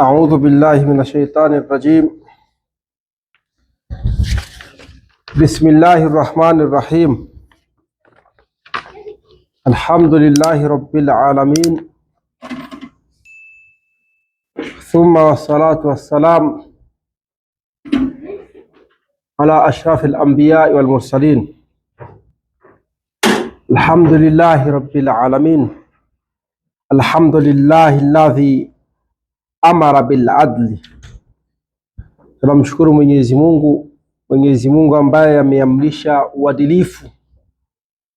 أعوذ بالله من الشيطان الرجيم بسم الله الرحمن الرحيم الحمد لله رب العالمين ثم والصلاة والسلام على أشرف الأنبياء والمرسلين الحمد لله رب العالمين الحمد لله الذي amara bil adli. Tunamshukuru Mwenyezi Mungu, Mwenyezi Mungu ambaye ameamrisha uadilifu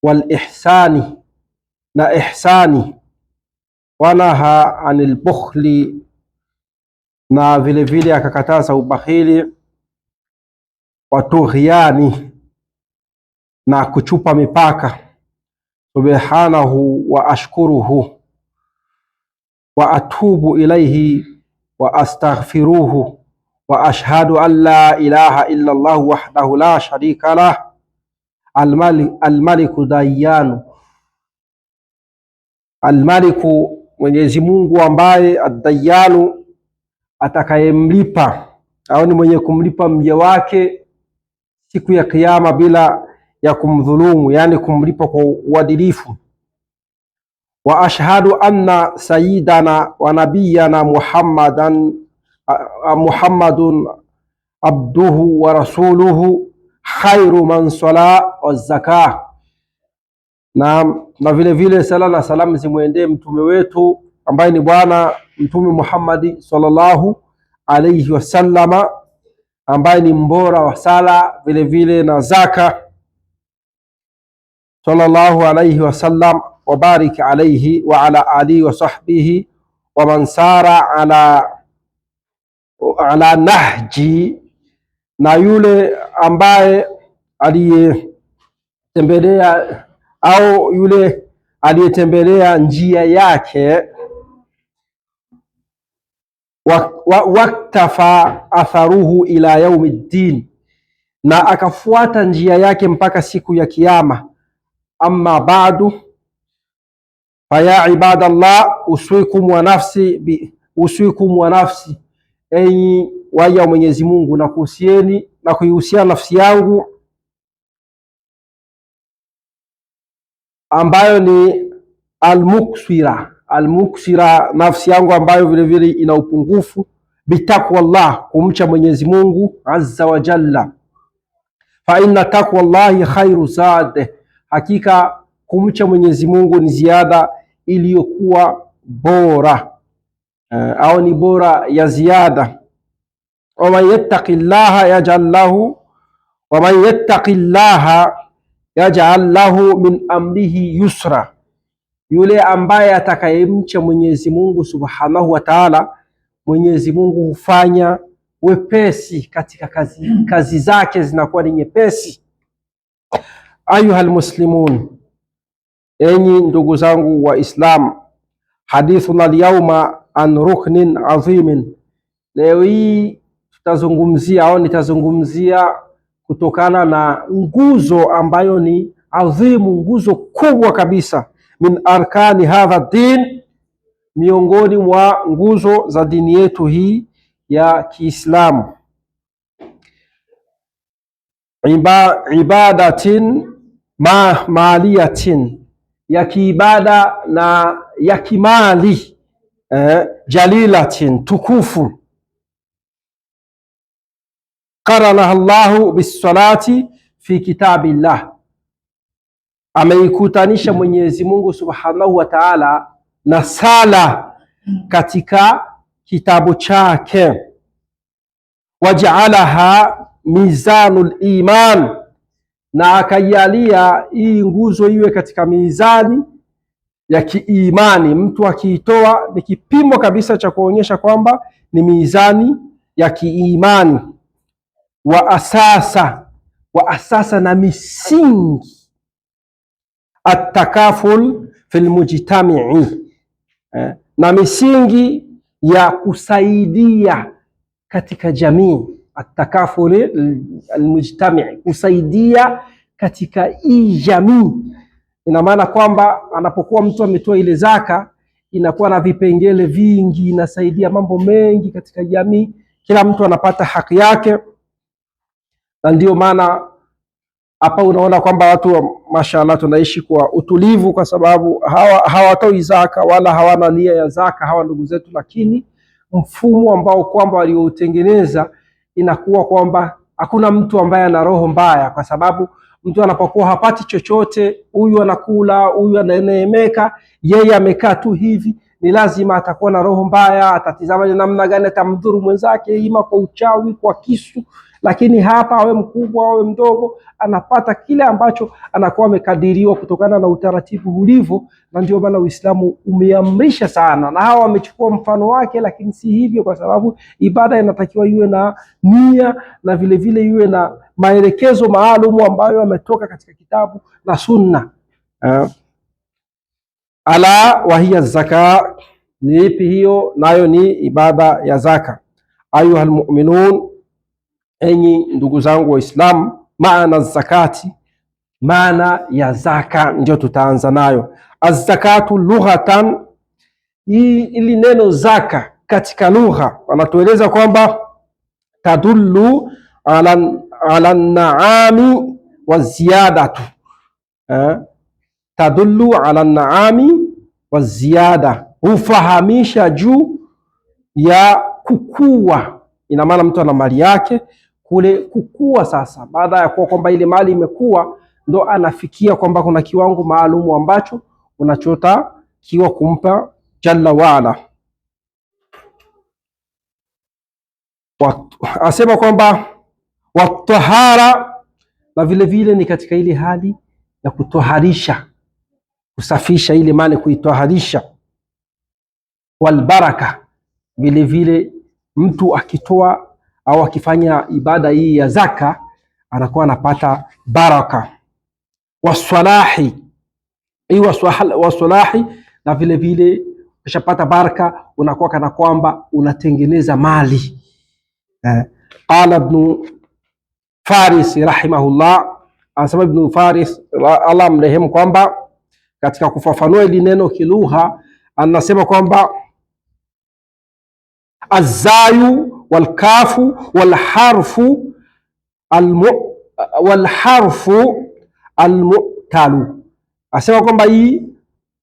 wal ihsani na ihsani, wanaha anil bukhli, na vile vile akakataza ubakhili, watughyani, na kuchupa mipaka. Subhanahu wa ashkuruhu wa atubu ilaihi wa astaghfiruhu wa ashhadu an la ilaha illa Allah wahdahu la sharika lah almaliku dayanu almaliku, Mwenyezi Mungu ambaye addayanu, atakayemlipa au ni mwenye kumlipa mja wake siku ya Kiyama bila ya kumdhulumu, yaani kumlipa kwa uadilifu wa ashhadu anna sayyidana wa nabiyyana Muhammadan Muhammadun abduhu wa rasuluhu khairu man sala wa zaka. Na, na vile vile sala na salamu zimwendee mtume wetu ambaye ni Bwana Mtume Muhammadi sallallahu alaihi wasallama ambaye ni mbora wa sala vile vile na zaka sallallahu alaihi wasallam wabarik alayhi wa ala alihi wa sahbihi wa man sara ala, ala nahji, na yule ambaye aliyetembelea au yule aliyetembelea njia yake waktafa wa, atharuhu ila yaumi ddin, na akafuata njia yake mpaka siku ya Kiyama. Amma baadu Faya ibadallah uswikum wa nafsi bi uswikum wa nafsi, enyi waja wa Mwenyezi Mungu, na kuhusieni na kuihusia nafsi yangu ambayo ni almuksira almuksira, nafsi yangu ambayo vilevile ina upungufu, bitaqwallah, kumcha Mwenyezi Mungu azza wa jalla. Fa inna taqwallahi khairu zaad, hakika kumcha Mwenyezi Mungu ni ziada iliyokuwa bora uh, au ni bora ya ziada. man yattaqi llaha yaj'al lahu man yattaqi llaha yaj'al lahu min amrihi yusra, yule ambaye atakayemcha Mwenyezi Mungu subhanahu wa taala, Mwenyezi Mungu hufanya wepesi katika kazi, kazi zake zinakuwa ni nyepesi. Ayuha almuslimun Enyi ndugu zangu wa islam hadithuna lyauma an ruknin adhimin. Leo hii tutazungumzia au nitazungumzia kutokana na nguzo ambayo ni adhimu, nguzo kubwa kabisa, min arkani hadha din, miongoni mwa nguzo za dini yetu hii ya Kiislamu. Iba, ibadatin ma maliyatin ya kiibada na ya kimali eh, jalilatin tukufu qaranaha llahu bisalati fi kitabillah, ameikutanisha Mwenyezi Mungu subhanahu wa taala na sala katika kitabu chake, waja'alaha mizanul iman na akaialia hii nguzo iwe katika mizani ya kiimani. Mtu akiitoa ni kipimo kabisa cha kuonyesha kwamba ni mizani ya kiimani. wa asasa wa asasa na misingi atakaful fil mujtamii eh, na misingi ya kusaidia katika jamii atakafuli almujtamii, kusaidia katika hii jamii. Ina maana kwamba anapokuwa mtu ametoa ile zaka inakuwa na vipengele vingi, inasaidia mambo mengi katika jamii, kila mtu anapata haki yake, na ndio maana hapa unaona kwamba watu mashallah, tunaishi kwa utulivu, kwa sababu hawatoi hawa zaka wala hawana nia ya zaka hawa ndugu zetu, lakini mfumo ambao kwamba walioutengeneza inakuwa kwamba hakuna mtu ambaye ana roho mbaya, kwa sababu mtu anapokuwa hapati chochote, huyu anakula, huyu ananeemeka, yeye amekaa tu hivi ni lazima atakuwa na roho mbaya, atatizama namna gani atamdhuru mwenzake, ima kwa uchawi, kwa kisu. Lakini hapa awe mkubwa awe mdogo, anapata kile ambacho anakuwa amekadiriwa kutokana na utaratibu ulivyo, na ndio maana Uislamu umeamrisha sana, na hawa wamechukua mfano wake, lakini si hivyo, kwa sababu ibada inatakiwa iwe na nia na vilevile iwe na maelekezo maalumu ambayo ametoka katika kitabu na Sunna. Uh, Ala wahiya zaka, ni ipi hiyo? Nayo ni ibada ya zaka. ayuha muminun, enyi ndugu zangu islam Maana zakati, maana ya zaka ndio tutaanza nayo. Azzakatu lughatan, hii ili neno zaka katika lugha wanatueleza kwamba tadullu ala naami wa ziyadatu eh? tadullu ala naami wa ziada, hufahamisha juu ya kukua. Ina maana mtu ana mali yake kule kukua sasa, baada ya kuwa kwamba ile mali imekuwa, ndo anafikia kwamba kuna kiwango maalumu ambacho unachota kiwa kumpa jalla waala. Asema kwamba watahara, na vilevile ni katika ile hali ya kutoharisha kusafisha ile mali, kuitaharisha. Walbaraka vile vile, mtu akitoa au akifanya ibada hii ya zaka anakuwa anapata baraka. Wasalahi iwa wasalahi, na vile vile ukishapata baraka unakuwa kana kwamba unatengeneza mali eh. Qala ibn Faris rahimahullah, anasema ibn Faris Allah amrehemu kwamba katika kufafanua hili neno kilugha, anasema kwamba azayu walkafu walharfu almu, walharfu almutalu, asema kwamba hii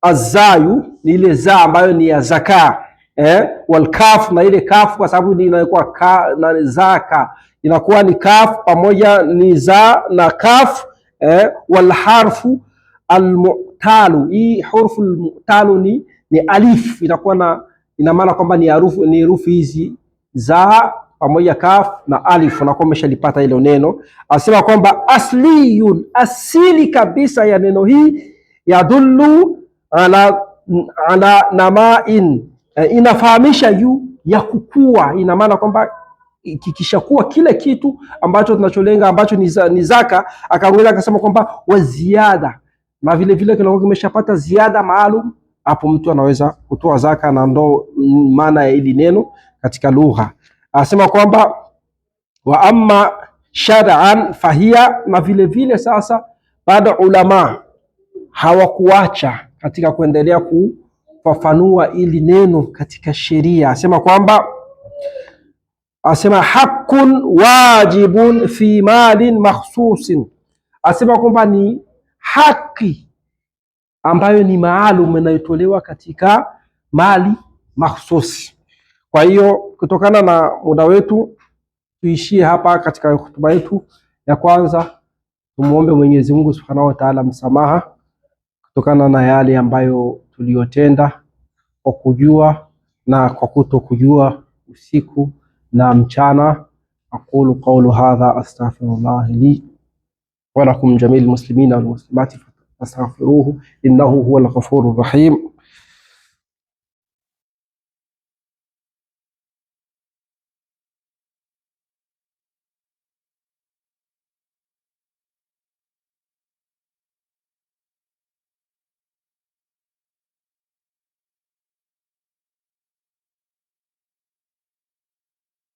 azayu ni ile za ambayo ni ya zaka eh, walkafu na ile kafu, kwa sababu ni inakuwa ka, na zaka inakuwa ni kafu pamoja ni za na kafu eh, walharfu almu talu. Hii hurfu talu ni, ni alif inakuwa na ina maana kwamba ni harufu ni herufi hizi za pamoja kaf na alif, unakuwa umeshalipata hilo neno. Asema kwamba asliyun, asili kabisa ya neno hii yadullu ala, ala namain, eh, inafahamisha juu ya kukua. Ina maana kwamba kikishakuwa kile kitu ambacho tunacholenga ambacho ni zaka, akaongeza akasema kwamba waziada na vilevile kinakuwa kimeshapata ziada maalum, hapo mtu anaweza kutoa zaka, na ndo maana ya hili neno katika lugha. Asema kwamba wa amma shar'an fahia, na vilevile sasa bado ulama hawakuacha katika kuendelea kufafanua ili neno katika sheria, asema kwamba asema hakun wajibun fi malin makhsusin, asema kwamba ni haki ambayo ni maalum inayotolewa katika mali mahsusi. Kwa hiyo kutokana na muda wetu tuishie hapa katika hotuba yetu ya kwanza. Tumuombe Mwenyezi Mungu Subhanahu wa Ta'ala msamaha kutokana na yale ambayo tuliyotenda kwa kujua na kwa kutokujua, usiku na mchana. Aqulu qawlu hadha astaghfirullah li ولكم جميع المسلمين والمسلمات فاستغفروه إنه هو الغفور الرحيم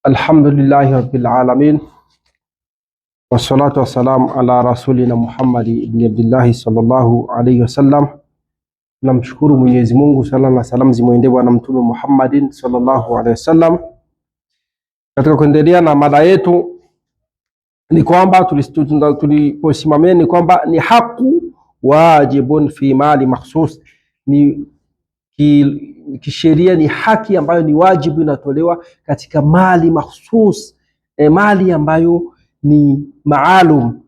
الحمد لله رب العالمين Wassalatu wassalamu ala rasulina Muhammadi ibni Abdillahi sallallahu alayhi wasallam. namshukuru Mwenyezi Mungu, sala na salamu zimwendee Bwana Mtume Muhammadin sallallahu alayhi wasallam. Katika kuendelea na mada yetu ni kwamba tuliposimamia ni kwamba ni haku wajibun fi mali makhsus, ni kisheria, ni haki ambayo ni wajibu inatolewa katika mali makhsus, e, mali ambayo ni maalum,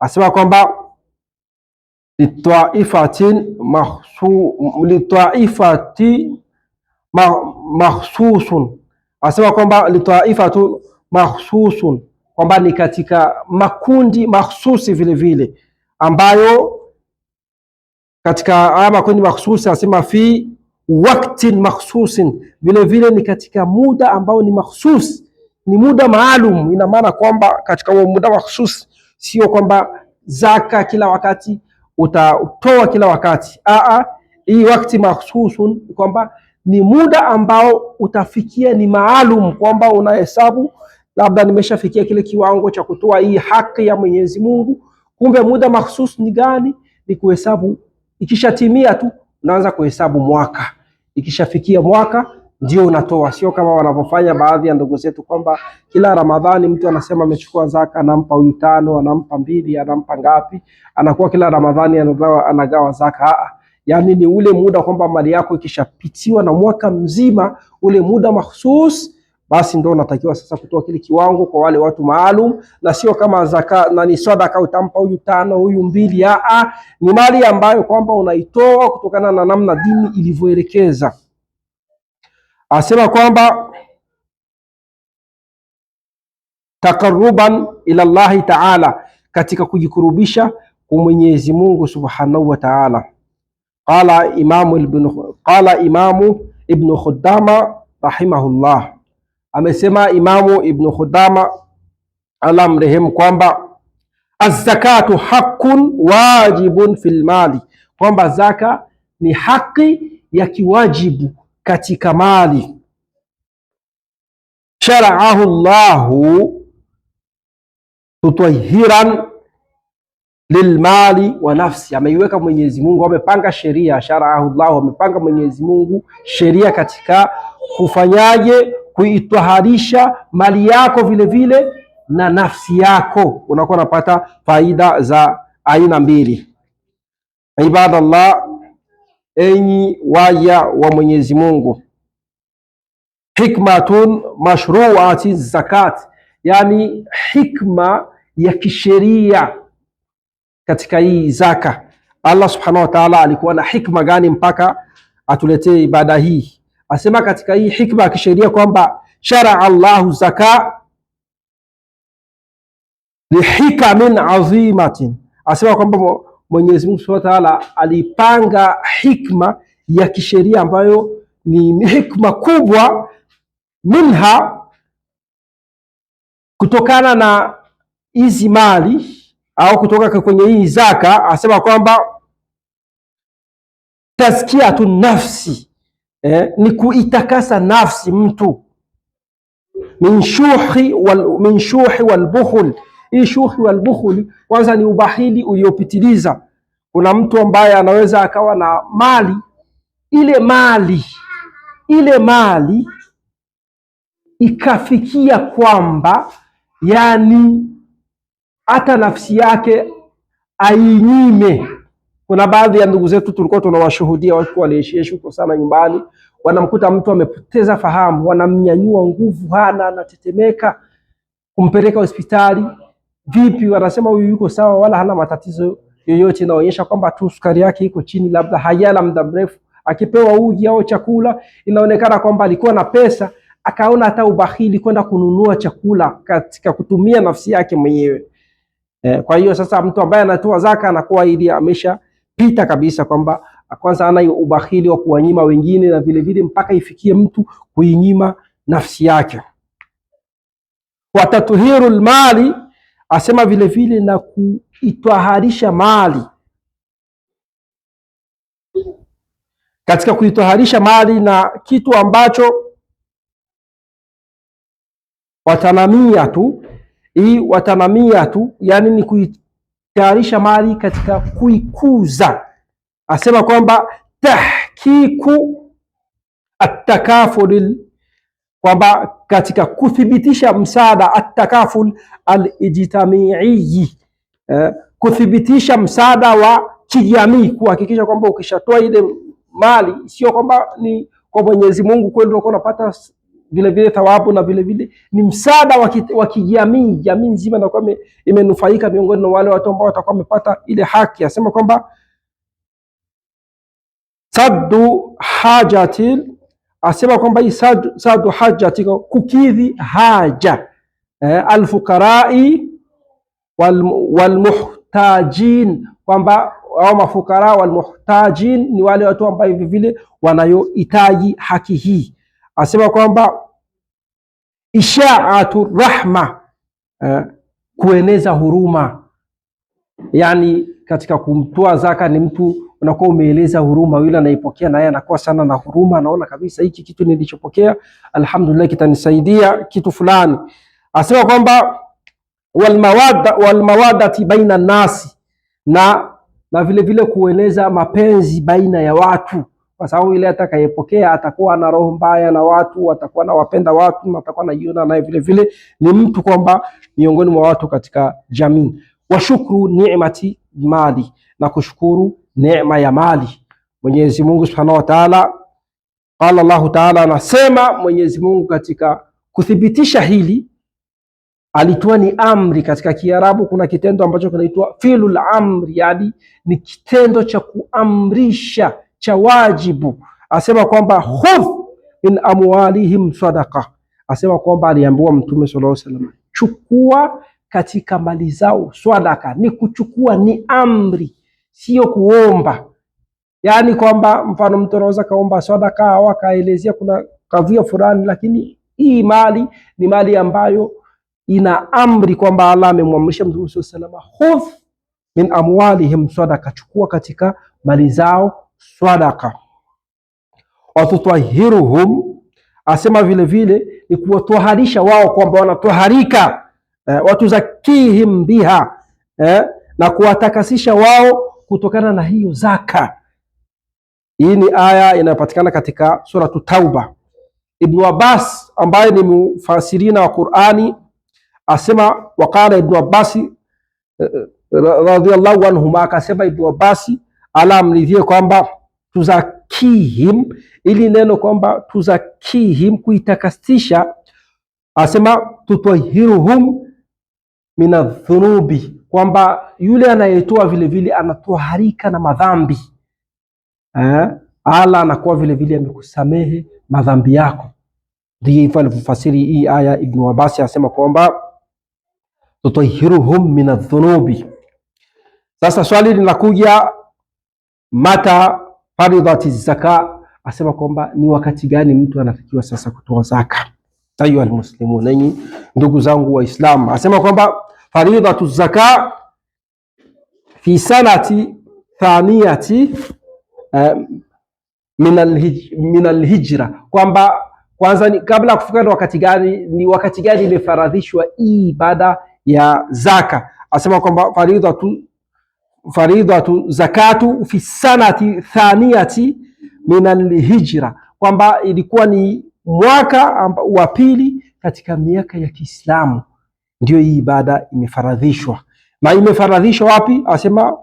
asema kwamba litwaifati makhsusun, asema kwamba litwaifatu makhsusun, kwamba ni katika makundi makhsusi vile vile ambayo katika haya makundi makhsusi asema fi waktin makhsusin, vile vile ni katika muda ambao ni makhsusi ni muda maalum. Ina maana kwamba katika huo muda mahsus, sio kwamba zaka kila wakati utatoa kila wakati. Aa, hii wakati mahsusun kwamba ni muda ambao utafikia ni maalum, kwamba unahesabu labda nimeshafikia kile kiwango cha kutoa hii haki ya Mwenyezi Mungu. Kumbe muda mahsus ni gani? Ni kuhesabu, ikishatimia tu unaanza kuhesabu mwaka, ikishafikia mwaka ndio unatoa, sio kama wanavyofanya baadhi ya ndugu zetu kwamba kila Ramadhani mtu anasema amechukua zaka, anampa huyu tano, anampa mbili, anampa ngapi, anakuwa kila Ramadhani anagawa, anagawa zaka. Aa, yani ni ule muda kwamba mali yako ikishapitiwa na mwaka mzima, ule muda mahsus basi ndo unatakiwa sasa kutoa kile kiwango kwa wale watu maalum, na sio kama zaka na ni sadaka utampa huyu tano huyu mbili. Aa, ni mali ambayo kwamba unaitoa kutokana na namna dini ilivyoelekeza asema kwamba takaruban ila Allahi taala, katika kujikurubisha kwa Mwenyezi Mungu subhanahu wa taala. Qala Imamu Ibnu qala Imamu ibn Khudama rahimahullah, amesema Imamu Ibnu Khudama ala mrehemu kwamba azzakatu haqqun wajibun fil mali, kwamba zaka ni haki ya kiwajibu katika mali sharaahu llahu tutahiran lilmali wa nafsi, ameiweka Mwenyezi Mungu, amepanga sheria. Sharaahu llahu, amepanga Mwenyezi Mungu sheria katika kufanyaje, kuitwaharisha mali yako vile vile na nafsi yako, unakuwa unapata faida za aina mbili. Ibadallah enyi waja wa Mwenyezi Mungu, hikmatun mashruati zakat, yani hikma ya kisheria katika hii zaka. Allah subhanahu wa ta'ala alikuwa na hikma gani mpaka atuletee ibada hii? Asema katika hii hikma ya kisheria kwamba sharaa Allahu zaka lihikamin azimatin, asema kwamba Mwenyezi Mungu Subhanahu wa Ta'ala alipanga hikma ya kisheria ambayo ni hikma kubwa, minha kutokana na hizi mali au kutoka kwenye hii zaka, asema kwamba tu nafsi eh, ni kuitakasa nafsi mtu min shuhi wal min shuhi wal buhul hii shuhi wal bukhuli kwanza ni ubahili uliopitiliza. Kuna mtu ambaye anaweza akawa na mali, ile mali ile mali ikafikia kwamba yani hata nafsi yake ainyime. Kuna baadhi ya ndugu zetu tulikuwa tunawashuhudia watu waliishi huko sana nyumbani, wanamkuta mtu amepoteza fahamu, wanamnyanyua nguvu, hana anatetemeka, kumpeleka hospitali, vipi, wanasema huyu yuko sawa, wala hana matatizo yoyote, inaonyesha kwamba tu sukari yake iko chini, labda hayala muda mrefu, akipewa uji au chakula. Inaonekana kwamba alikuwa na pesa, akaona hata ubahili kwenda kununua chakula katika kutumia nafsi yake mwenyewe. Eh, kwa hiyo sasa mtu ambaye anatoa zaka anakuwa ili pita kabisa kwamba kwanza ana ubahili wa kuwanyima wengine na vile vile mpaka ifikie mtu kuinyima nafsi yake. Watatuhiru lmali asema vilevile na kuitwaharisha mali. Katika kuitwaharisha mali na kitu ambacho watanamia tu hii watanamia tu, yani ni kuitayarisha mali katika kuikuza. Asema kwamba tahkiku atakafuli kwamba katika kuthibitisha msaada atakaful alijtamiiyi eh, kuthibitisha msaada wa kijamii, kuhakikisha kwamba ukishatoa ile mali sio kwamba ni kwa Mwenyezi Mungu kweli unakuwa unapata vile vile thawabu na vile vile ni msaada wa kijamii, jamii nzima inakuwa imenufaika miongoni mwa wale watu ambao watakuwa wamepata ile haki. Asema kwamba saddu hajatil asema kwamba hii sadu haja tika kukidhi haja eh, alfukarai walmuhtajin, kwamba au mafukara walmuhtajin ni wale watu ambao hivi vile wanayohitaji haki hii. Asema kwamba ishaatu rahma eh, kueneza huruma, yani katika kumtoa zaka ni mtu unakuwa umeeleza huruma, yule anaipokea naye anakuwa sana na huruma, anaona kabisa hiki kitu nilichopokea, alhamdulillah, kitanisaidia kitu fulani. Asema kwamba walmawada walmawadati baina nasi, na na vile vile kueneza mapenzi baina ya watu, kwa sababu ile atakayepokea atakuwa na roho mbaya na watu, atakuwa na wapenda watu na atakuwa naiona naye vile vile ni mtu kwamba miongoni mwa watu katika jamii. Washukuru ni'mati mali, na kushukuru neema ya mali. Mwenyezi Mungu Subhanahu wa Ta'ala, qala Allahu Ta'ala, anasema Mwenyezi Mungu katika kuthibitisha hili alitoa ni amri. Katika Kiarabu kuna kitendo ambacho kinaitwa filul amri, yani ni kitendo cha kuamrisha cha wajibu. Asema kwamba khudh min amwalihim sadaqa, asema kwamba aliambiwa Mtume sallallahu alaihi wasallam, chukua katika mali zao swadaka. Ni kuchukua ni amri sio kuomba. Yaani kwamba mfano mtu anaweza kaomba sadaka au akaelezea kuna kavia fulani, lakini hii mali ni mali ambayo ina amri kwamba Allah amemwamrisha Mtume sallallahu alaihi wasallam, khudh min amwalihim sadaka, chukua katika mali zao sadaka. watutahiruhum asema vile vile ni kuwatoharisha wao kwamba wanatoharika. Eh, watuzakihim biha eh, na kuwatakasisha wao kutokana na hiyo zaka. Hii ni aya inayopatikana katika suratu Tauba. Ibnu Abbas ambaye ni mufasirina wa Qurani asema, waqala Ibnu Abbasi eh, eh, radhiallahu anhuma, akasema Ibnu Abbas ala amridhie kwamba tuzakihim, ili neno kwamba tuzakihim kuitakasisha, asema tutwahiruhum minadhunubi kwamba yule anayetoa vilevile anatoharika na madhambi eh? Ala anakuwa vilevile amekusamehe madhambi yako. Ndiyo hivyo alivyofasiri hii aya Ibn Abbas, anasema kwamba tutahiruhum min adh-dhunubi. Sasa swali linakuja, mata faridhati zaka, asema kwamba ni wakati gani mtu anatakiwa sasa kutoa zaka? Ayuha almuslimun, nanyi ndugu zangu Waislamu, asema kwamba faridatu zaka fi sanati thaniyati um, eh, min alhijra, kwamba kwanza ni, kabla ya kufika wakati gani, ni wakati gani imefaradhishwa hii ibada ya zaka. Asema kwamba faridatu faridatu zakatu fi sanati thaniyati min alhijra, kwamba ilikuwa ni mwaka wa pili katika miaka ya Kiislamu. Ndio hii ibada imefaradhishwa, na imefaradhishwa wapi? Asema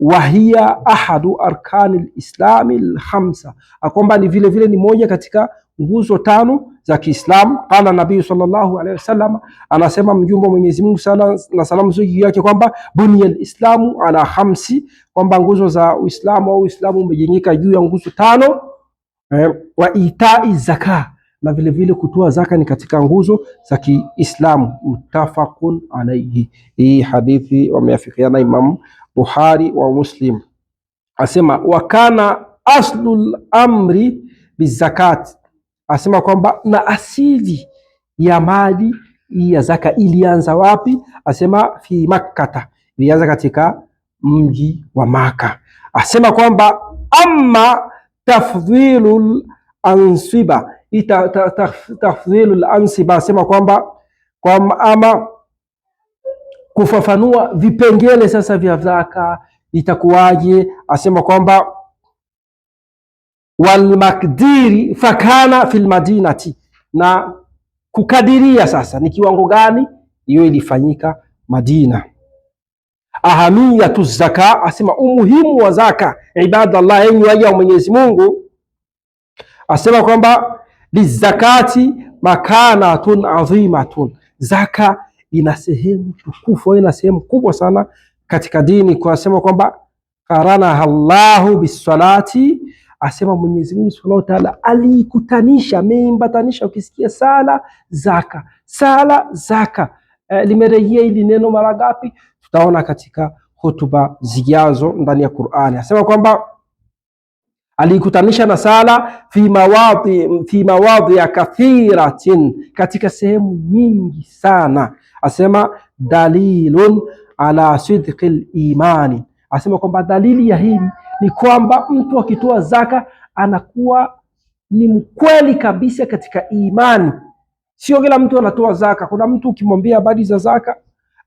wahiya ahadu arkani lislami lhamsa, akwamba ni vile vile ni moja katika nguzo tano za Kiislamu. Qala nabii sallallahu alaihi wasallam, anasema mjumbe wa Mwenyezi Mungu sala na salamu juu yake kwamba bunia lislamu ala hamsi, kwamba nguzo za Uislamu au Uislamu umejengeka juu ya nguzo tano. Eh, wa itai zaka na vilevile kutoa zaka ni katika nguzo za Kiislamu, mutafaqun alayhi. Hii hadithi wameafikiana Imam Bukhari wa Muslim, asema wakana aslul amri bizakati, asema kwamba na asili ya mali ya zaka ilianza wapi? Asema fi Makkata, ilianza katika mji wa Maka. Asema kwamba amma tafdhilul ansiba hii tafdhilu lansiba asema kwamba kwa ama kufafanua vipengele sasa vya dhaka itakuwaje, asema kwamba walmakdiri fakana fil madinati, na kukadiria sasa ni kiwango gani, hiyo ilifanyika Madina. Ahamiyatu zaka, asema umuhimu wa zaka, ibadallah, enyi waja wa Mwenyezi Mungu, asema kwamba lizakati makanatun adhimatun, zaka ina sehemu tukufu, ina sehemu kubwa sana katika dini, kwa kwamba karanaha Allahu bisalati, asema Mwenyezi Mungu Subhanahu wa Ta'ala aliikutanisha, ameimbatanisha Ukisikia sala zaka, sala zaka, e, limerejea ili neno mara ngapi? Tutaona katika hotuba zijazo ndani ya Qur'ani, asema kwamba aliikutanisha na sala fi mawadhi fi mawadhiya kathiratin, katika sehemu nyingi sana. Asema dalilun ala sidqi limani, asema kwamba dalili ya hili ni kwamba mtu akitoa zaka anakuwa ni mkweli kabisa katika imani. Sio kila mtu anatoa zaka. Kuna mtu ukimwambia habari za zaka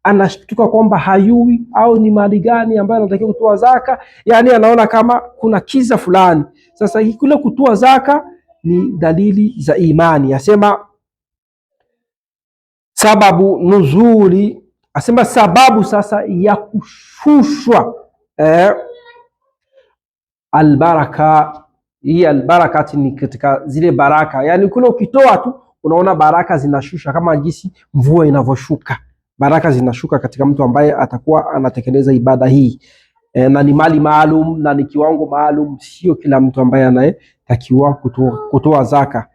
anashtuka kwamba hayui au ni mali gani ambayo anatakiwa kutoa zaka, yani anaona kama kuna kiza fulani. Sasa kule kutoa zaka ni dalili za imani. Asema sababu nuzuli, asema sababu sasa ya kushushwa eh, albaraka hii albarakati ni katika zile baraka, yani kule ukitoa tu unaona baraka zinashusha kama jinsi mvua inavyoshuka baraka zinashuka katika mtu ambaye atakuwa anatekeleza ibada hii e, na ni mali maalum na ni kiwango maalum, sio kila mtu ambaye anayetakiwa kutoa zaka.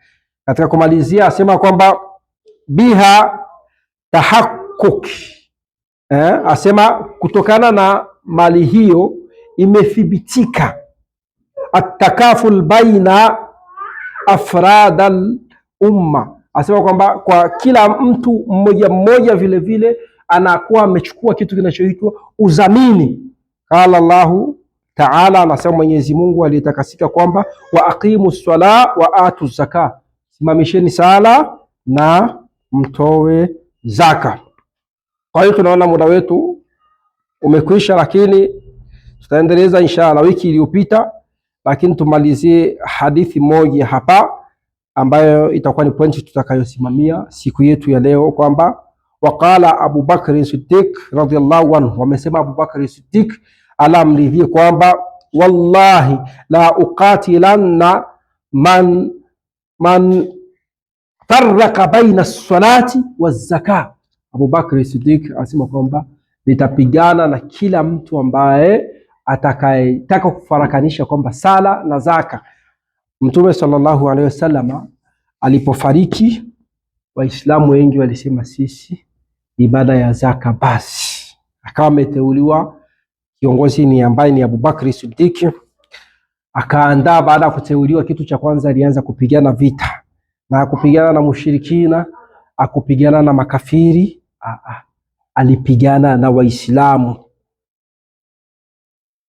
Katika kumalizia, asema kwamba biha tahakuki e, asema kutokana na mali hiyo imethibitika atakaful baina afradal umma asema kwamba kwa kila mtu mmoja mmoja vile vile anakuwa amechukua kitu kinachoitwa udhamini. Qala Allahu taala, anasema Mwenyezi Mungu aliyetakasika kwamba wa aqimu ssala wa atu zaka, simamisheni sala na mtowe zaka. Kwa hiyo tunaona muda wetu umekwisha, lakini tutaendeleza inshallah wiki iliyopita, lakini tumalizie hadithi moja hapa ambayo itakuwa ni pointi tutakayosimamia siku yetu ya leo kwamba waqala Abu Bakr Siddiq radhiyallahu anhu, wamesema Abu Bakr Siddiq alamridhie kwamba wallahi la uqatilanna man man faraka baina salati wa zaka. Abu Bakr Siddiq asema kwamba nitapigana na kila mtu ambaye atakayetaka kufarakanisha kwamba sala na zaka Mtume sallallahu alaihi wasalama alipofariki, Waislamu wengi walisema sisi ibada ya zaka basi. Akawa ameteuliwa kiongozi ni ambaye ni Abubakri Sidiki, akaandaa. Baada ya kuteuliwa, kitu cha kwanza alianza kupigana vita na kupigana na mushirikina, akupigana na makafiri. alipigana na Waislamu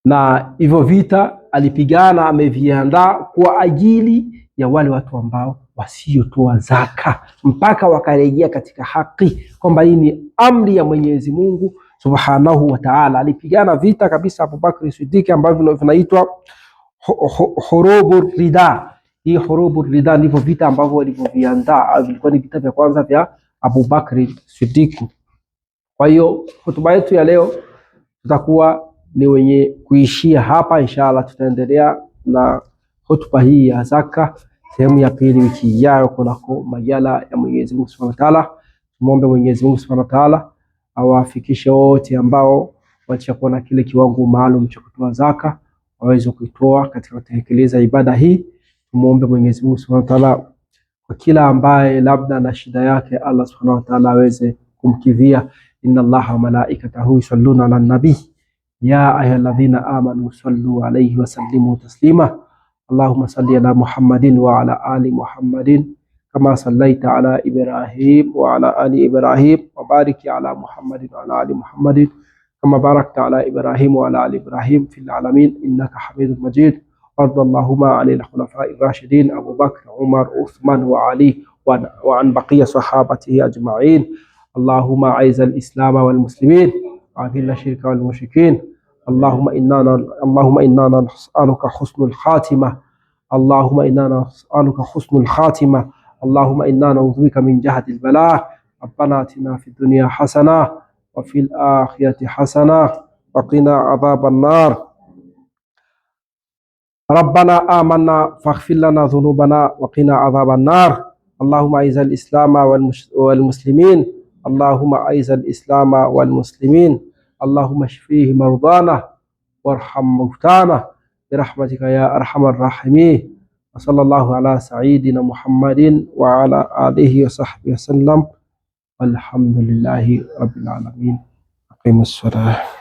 na hivyo vita alipigana ameviandaa kwa ajili ya wale watu ambao wasiotoa zaka mpaka wakarejea katika haki, kwamba hii ni amri ya Mwenyezi Mungu subhanahu wa Ta'ala. Alipigana vita kabisa Bakr Siddiq ambavyo vinaitwa hurubu rida. Hii hurubu rida ndivyo vita ambavyo walivyoviandaa, vilikuwa ni vita vya kwanza vya Bakr Siddiq. Kwa hiyo hotuba yetu ya leo tutakuwa ni wenye kuishia hapa. Inshallah tutaendelea na hotuba hii ya zaka sehemu ya pili wiki ijayo, kunako majala ya Mwenyezi Mungu Subhanahu wa Ta'ala. Muombe Mwenyezi Mungu Subhanahu wa Ta'ala awafikishe wote ambao watakuwa na kile kiwango maalum cha kutoa zaka waweze kuitoa katika kutekeleza ibada hii. Tumuombe Mwenyezi Mungu Subhanahu wa Ta'ala kwa kila ambaye labda na shida yake, Allah Subhanahu wa Ta'ala aweze kumkidhia. Inna Allaha wa malaikatahu yusalluna ala nabii يا أيها الذين آمنوا صلوا عليه وسلموا تسليما اللهم صل على محمد وعلى آل محمد كما صليت على إبراهيم وعلى آل إبراهيم وبارك على محمد وعلى آل محمد كما باركت على إبراهيم وعلى آل إبراهيم في العالمين إنك حميد مجيد وارض اللهم عن الخلفاء الراشدين أبو بكر عمر عثمان وعلي وعن بقية صحابته أجمعين اللهم أعز الإسلام والمسلمين وأذل الشرك والمشركين اللهم إنا اللهم إنا نسألك حسن الخاتمة اللهم إنا نسألك حسن الخاتمة اللهم إنا نعوذ بك من جهة البلاء ربنا آتنا في الدنيا حسنة وفي الآخرة حسنة وقنا عذاب النار ربنا آمنا فاغفر لنا ذنوبنا وقنا عذاب النار اللهم أعز الإسلام والمسلمين اللهم أعز الإسلام والمسلمين اللهم اشفيه مرضانا وارحم موتانا برحمتك يا أرحم الراحمين وصلى الله على سعيدنا محمد وعلى آله وصحبه وسلم والحمد لله رب العالمين أقيم الصلاة